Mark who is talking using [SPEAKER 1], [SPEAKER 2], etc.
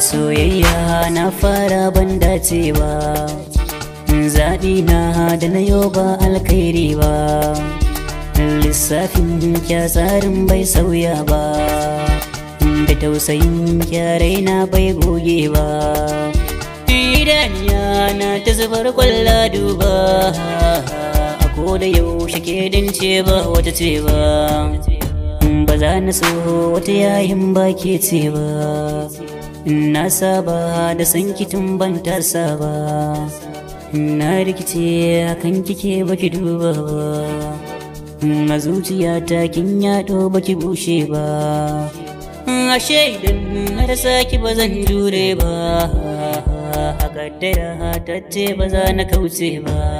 [SPEAKER 1] soyayya na fara ban dacewa zaɓi na da na yau ba alkhairi ba lissafin kya tsarin bai sauya ba da tausayin kya raina bai goge ba Idan na ta zubar kwalla duba a koda yaushe ke dince ba wata ce ba za na so wata yayin ba ke ba, na saba da san kitin ban tarsa ba na rikice kan kike baki duba ba a ta kin yaɗo baki bushe ba ashe idan na ta saki ba zan jure ba a kaddara ce ba za na kauce ba